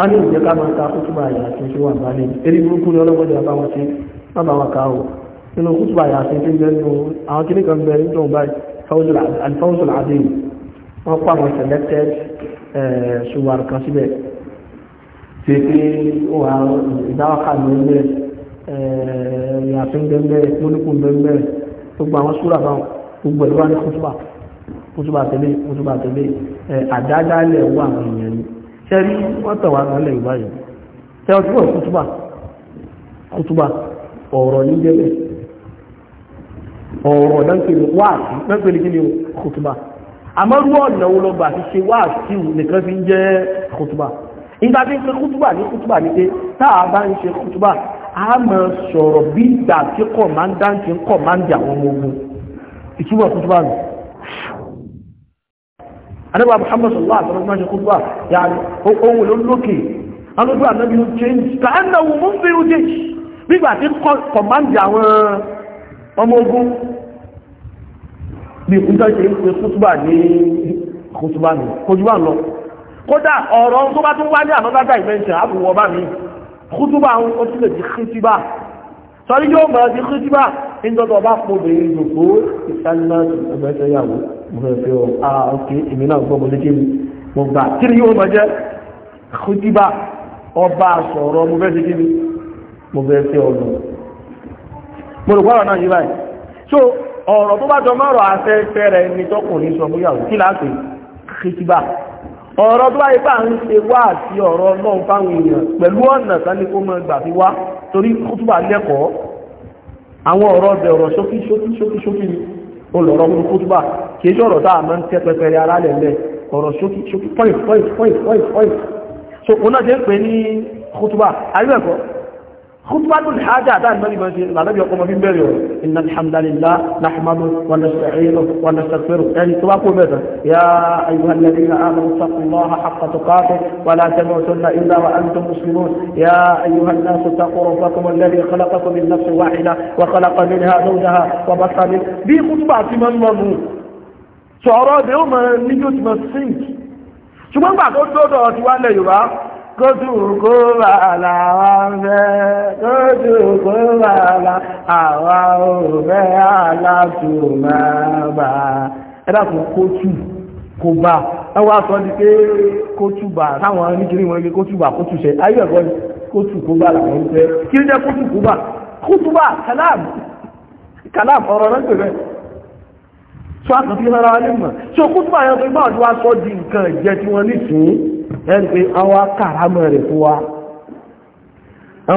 a ní ìjẹ́ ká máa ta kútùbà àyà àti ìṣòwò àbálẹ̀ eré burúkú ní ọlọ́gbọ́dẹ̀ àbáwọn ṣe bábà wa ká o nínú kútùbà àyà àti ìṣòwò nínú àwọn kìnnì kan bẹ nítorí báyìí alfawzul adéyìn wọ́n kó àwọn selected ṣùwà eh, kan síbẹ̀ fi pé ó wà ìdáwọ́kà lóńgbẹ̀ ìyàfin bẹ́ẹ̀ mọ́nìkùn bẹ́ẹ̀ gbogbo àwọn súrà ṣẹ́rí wọ́n tẹ̀wà lálẹ̀ ìbáyìí tẹ́wọ́ tí wọ́n kútúbà kútúbà ọ̀rọ̀ ní jẹ́bẹ̀ ọ̀rọ̀ dánkèrè wáàtí mẹ́pẹ̀lẹ̀ kí ni kútúbà àmọ́rú ọ̀nà wo lọ́gbà ti ṣe wáàtí nìkan fi ń jẹ́ kútúbà nígbà tí ń pe kútúbà ní kútúbà ní pé táà bá ń ṣe kútúbà a máa sọ̀rọ̀ bí ìgbà tí kọ̀mándà ń ti kọ̀mándà àwọn ọmọ ogun ìtumọ̀ kútúbà nù anábà muhammad sallallahu alaihi wasallam ṣe kúrò yàrá ohun ló lókè alójú ànábi ló change ta ẹnna wo mú fi ó change nígbà tí kọmáǹdì àwọn ọmọ ogun bí ìkúntà ṣe ń pe kútùbà ní kútùbà ní kójúbà lọ kódà ọ̀rọ̀ tó bá tún wá ní another dimension àbúwọ̀ bá mi kútùbà ó tún lè di kútùbà sọ́rí yóò mọ̀ ẹ́ di kútùbà nígbọ́dọ̀ bá pobìnrin gbogbo ìsánimá ẹgbẹ́sẹ̀ yàwó mo fẹ́ fẹ́ ọ ah ok èmi náà gbọ́ mo lé kéwì mo gbà kí ni yóò máa jẹ́ so ọ̀rọ̀ tó bá jọ mọ́rọ̀ afẹ́fẹ́ rẹ̀ ní tọkùnrin sọ fún yàwó kí láti kújíbà ọ̀rọ̀ tó báyìí bá ń ṣe wá àti ọ̀rọ̀ náà fáwọn èèyàn pẹ̀lú ọ̀nà tán ni kó fi wá torí kútùbà lẹ́kọ̀ọ́ àwọn ọ̀rọ̀ ọbẹ̀ ọ̀rọ̀ ṣókí ṣókí ṣókí ṣókí ni olọ̀rọ̀ mú kútùbà kìí ṣọ̀rọ̀ tá máa ń tẹ́ pẹpẹrẹ alálẹ̀ lẹ̀ ọ̀rọ̀ ṣókí ṣókí point point point point point so òun náà ṣe ń pè ní kútùbà ayébẹ̀kọ́ kútùbà tó ní إن الحمد لله نحمده ونستعينه ونستغفره يعني تواقوا بذا يا أيها الذين آمنوا اتقوا الله حق تقاته ولا تموتن إلا وأنتم مسلمون يا أيها الناس اتقوا ربكم الذي خلقكم من نفس واحدة وخلق منها زوجها وبث من بي خطبة من مموت شعراء bí ó mọ̀ níjó ti mọ̀ sink ṣùgbọ́n gbà tó dọ́dọ̀ ti wálẹ̀ yorùbá kóòtù kó bàálà wà ń fẹ́ àwa ò fẹ́ alátùmọ̀ bá ẹ̀dàkùn kótù kò bá wọ́n wá sọ di pé kótù bá táwọn oníkiri wọn ní kótù bá kótù ṣe ayé ẹ̀kọ́ kótù kò bá làwọn ń fẹ́ kí ló jẹ́ kótù kò bá kótù bá kàláàmù kàláàmù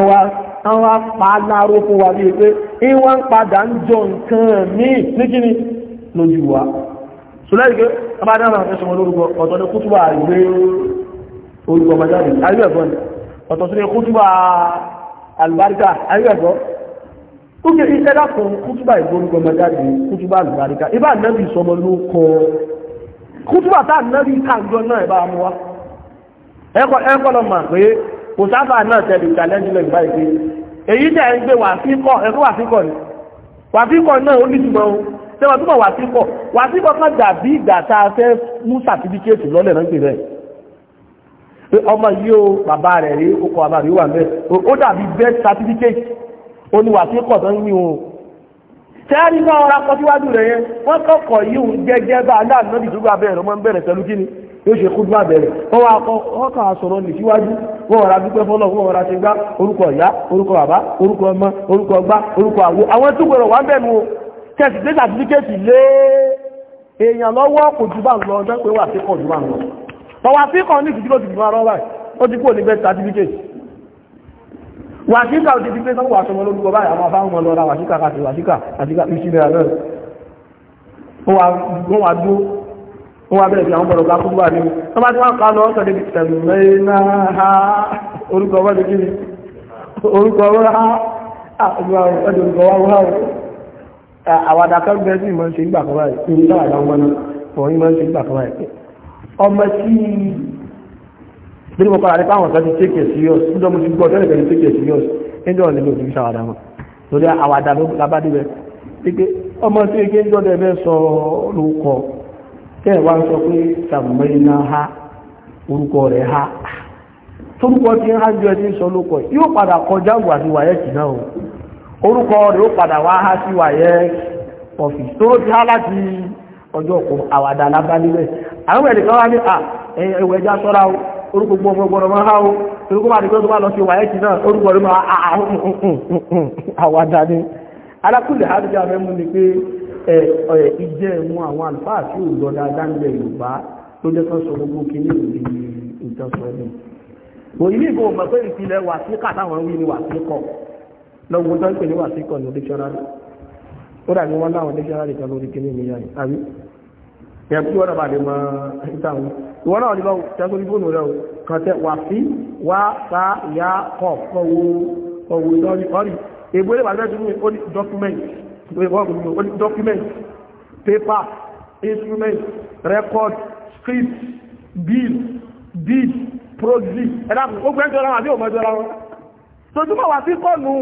ọ̀rọ̀ wọ́n wá pa láró fún wa bíi pé ìwọ́ ń padà ń jọ nǹkan míì ní kíni lójú wa sùlẹ́yìnkẹ́ abádámà ẹ̀sùn olórúkọ ọ̀tọ̀ ní kútùbà ìgbé orúkọ majáde ayúẹ̀kọ́ ni ọ̀tọ̀ sí ní kútùbà alùbáríkà ayúẹ̀kọ́ ó kè iṣẹ́ dákùn kútùbà ìgbórúkọ majáde kútùbà alùbáríkà ibà nẹ́bì sọmọ ló kọ kútùbà tá nẹ́bì kàǹjọ náà ẹ̀bá mú wa ẹ̀kọ́ lọ mà pé kò sábà náà tẹ̀lé ìtàlẹ́jù lọ èyí tẹ̀ ń gbé wàfíkọ̀ wàfíkọ̀ ni wàfíkọ̀ náà ó nítumọ̀ o ṣé wọ́n túbọ̀ wàfíkọ̀ wàfíkọ̀ kan dàbí ìgbà tá a fẹ́ mú sàtífíkẹ́ẹ̀tì lọ́lẹ̀ náà pé ọmọ yìí bàbá rẹ̀ rí bàbá rí wà ó dàbí certificate ó ní wàfíkọ̀ tó ń yí o tẹ́rí náà kọ síwájú rẹ̀ yẹn wọ́n kọ́kọ̀ yíò gẹ́gẹ́ bá aláàdínlọ́dì tó ọmọ ń bẹ̀rẹ̀ pẹ̀lú kíni yóò ṣe wọ́n ọ̀rá dúpẹ́ fọ́lọ̀ wọ́n ọ̀rá ṣe gbá orúkọ ìyá orúkọ bàbá orúkọ ọmọ orúkọ ọgbá orúkọ àwo àwọn tó wá o kẹsì dé sàtífíkẹ́tì lé èèyàn lọ́wọ́ kò jù bá ń lọ ọjọ́ pé wà sí kọ̀ jù bá ń lọ tọwà sí kan ní ìfìdí ló ti ara ó ti kú òní bẹ́ẹ̀ sàtífíkẹ́tì ti di pé sọ́wọ́ lórúkọ báyìí àwọn afáwọn wọ́n wá bẹ̀rẹ̀ sí àwọn bọ̀rọ̀gbá fún wà ní wọ́n bá tí wọ́n kà lọ ọ́sọ̀ débi tẹ̀mẹ́ná ha orúkọ wọ́n débi orúkọ wọ́n ha àgbà orúkọ wọ́n ha ah, àwàdàkọ́ bẹ́ẹ̀ sí ìmọ̀ ṣe ń gbà kọ́ báyìí ní sáwàdà ọmọ náà wọ́n yí máa ń ṣe ń gbà kọ́ báyìí ọmọ tí bí mo kọ́ra nípa àwọn ọ̀sán ti take it serious níjọ́ tẹ́ wá sọ pé sàmìnà ha orúkọ rẹ̀ ha torúkọ tí ń hájú ẹni sọ lókọ̀ yóò padà kọjá wà ní náà o orúkọ rẹ̀ ó padà wá há sí wáyẹ́ ọ̀fíìsì tó ti há láti ọjọ́ ọ̀pọ̀ àwàdà alábánilẹ̀ àwọn ẹ̀nìkan wá ní ẹ̀wẹ̀ ẹja sọ́ra o orúkọ o dìgbọ́ tó bá lọ sí náà orúkọ rẹ̀ máa àwàdà ni ẹ̀ ìjẹ́ mú àwọn àlùfáà tí ò lọ dáadáa nílẹ̀ Yorùbá ló jẹ́ kan sọ gbogbo kìíní ìdí ìjọsọ ni kò ilé ìgbò mọ̀ pé ìpìlẹ̀ wà sí kàtàwọn wí ni wà sí kọ̀ lọ́wọ́ tó ń pè ní wà sí kọ̀ ní dictionary ó dà ní wọ́n láwọn dictionary kan lórí kìíní mi yá àbí yẹn kí wọ́n dàbà lè mọ ìtàwọn ìwọ́n náà ní bá tẹ́kọ̀ ní fóònù rẹ̀ o kàn tẹ́ wà sí wá sa ìyá kọ̀ kọ̀wó kọ̀wó lọ́rí ọ̀rí ègbó lè wà lẹ́sùn ní document document paper instrument record script bill deed proxy ẹ̀dàkùn ó gbẹ́jọ́ ra wọn àbí òmọ́jọ́ ra wọn tójúmọ̀ wà sí kọ́nù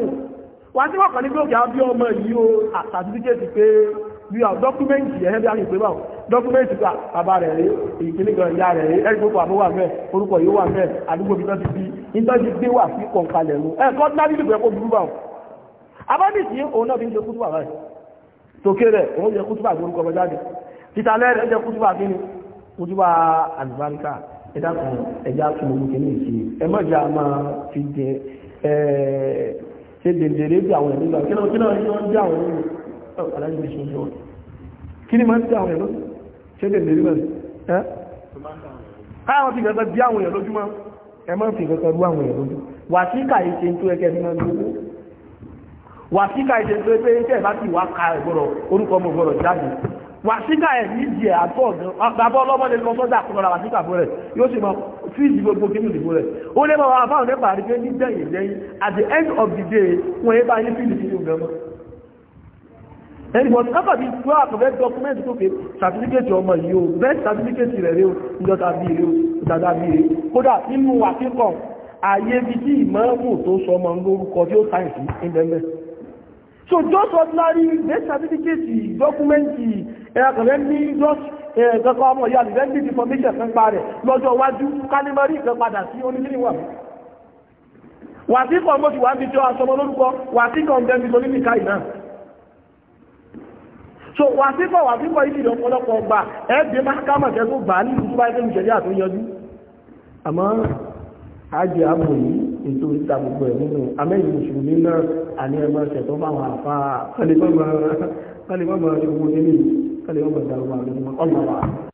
wà sí wọ́kàn ní pé òkè àbí ọmọ yìí o pé bí i dọ́kúmẹ́ntì ẹ̀hẹ́ bí i pé báwọn dọ́kúmẹ́ntì pa bàbá rẹ̀ rí ìkíní gan ìyá rẹ̀ rí ẹ̀rí gbogbo àbúwà mẹ́ orúkọ yìí wà mẹ́ àdúgbò bí tọ́jú bí ìtọ́jú gbé wà sí kọ̀ǹkalẹ̀ nù ẹ̀kọ́ dábìlì pẹ̀kọ́ burú báwọn abábìsí òun náà fi ń ṣe kútùbà rẹ̀ tókè rẹ̀ òun jẹ kútùbà gbórúkọ ọmọ jáde títà lẹ́rẹ̀ ẹjẹ kútùbà kí ni kútùbà àlùbáríkà ẹjá kan ẹjá tún ogun kí ní ìṣe ẹ mọ́jà máa fi jẹ ṣe dèndèrè bí àwọn ẹ̀mí gbà kí náà kí náà yọ ń jẹ àwọn ẹ̀mí aláìsí bí ṣe ń kí ni máa ń jẹ àwọn ẹ̀mí ṣe dèndèrè bẹ̀rẹ̀ ẹ́ káwọn ti gẹ̀gẹ̀ bí àwọn ẹ̀mí lójúmọ́ ẹ má fi gẹ̀gẹ̀ rú àwọn ẹ̀mí lójú wà sí kàyé ṣe tó ẹkẹ́ ní lójú wàsíkà ìṣe pé pé tẹ̀ bá ti wá ka ìgbọ̀rọ̀ orúkọ ọmọ ìgbọ̀rọ̀ jáde wàsíkà ẹ̀ ní ìjẹ́ àtọ̀ bàbá ọlọ́mọ lè lọ sọ́jà kó lọ́ra wàsíkà fún rẹ̀ yóò sì mọ fíìsì gbogbo kí nìdìbò rẹ̀ ó lé bá wàá fáwọn nípa àrígbé ní dẹ̀yìn lẹ́yìn at the end of the day wọ́n yé bá yín fíìsì sí ìgbẹ́ mọ́ ẹni bọ̀ sábà bí tó àpẹẹrẹ dọkúmẹ́ntì tó ké sàtífíkẹ́tì ọmọ yìí o bẹ́ẹ̀ sàtífíkẹ́tì rẹ̀ rí o ìjọta bí rí o ìdàdà bí rí kódà nínú àkíkọ̀ àyè bí tí ìmọ̀ọ́mù tó sọ ọmọ lórúkọ tí ó sáyẹ̀sì ń bẹ́ẹ̀ So just ordinary birth certificate, document, ẹ̀kọ̀lẹ́ eh, ní just ẹ̀kọ̀kọ̀ eh, ọmọ ìyá rẹ̀ ní information fẹ́ pa rẹ̀ lọ́jọ́ iwájú kálímọ́rí ìkan padà sí onílé-ìwà. Wà sí kan mo ti wà níbi tí ó aṣọmọ lórúkọ, wà sí kan bẹ́ẹ̀ nítorí nìka ìná. So wà sí kan wà sí kan ìdílé ọ̀pọ̀lọpọ̀ gbà ẹ̀ẹ́dẹ̀ máa ká mọ̀ tẹ́kù gbà ní ìlú tó bá ẹgbẹ́ ìṣẹ̀lẹ̀ àtúnyọjú. Àmọ́ àjẹ́ àmọ̀ yìí ètò ìta gbogbo ẹ̀ nínú amẹ́yìn mùsùlùmí náà àní ẹgbẹ́ ọ̀sẹ̀ tó bá wà fà á kálífọ́mọ̀ ṣòwò nílé kálífọ́mọ̀ ìdàrúwà ọ̀gbọ̀n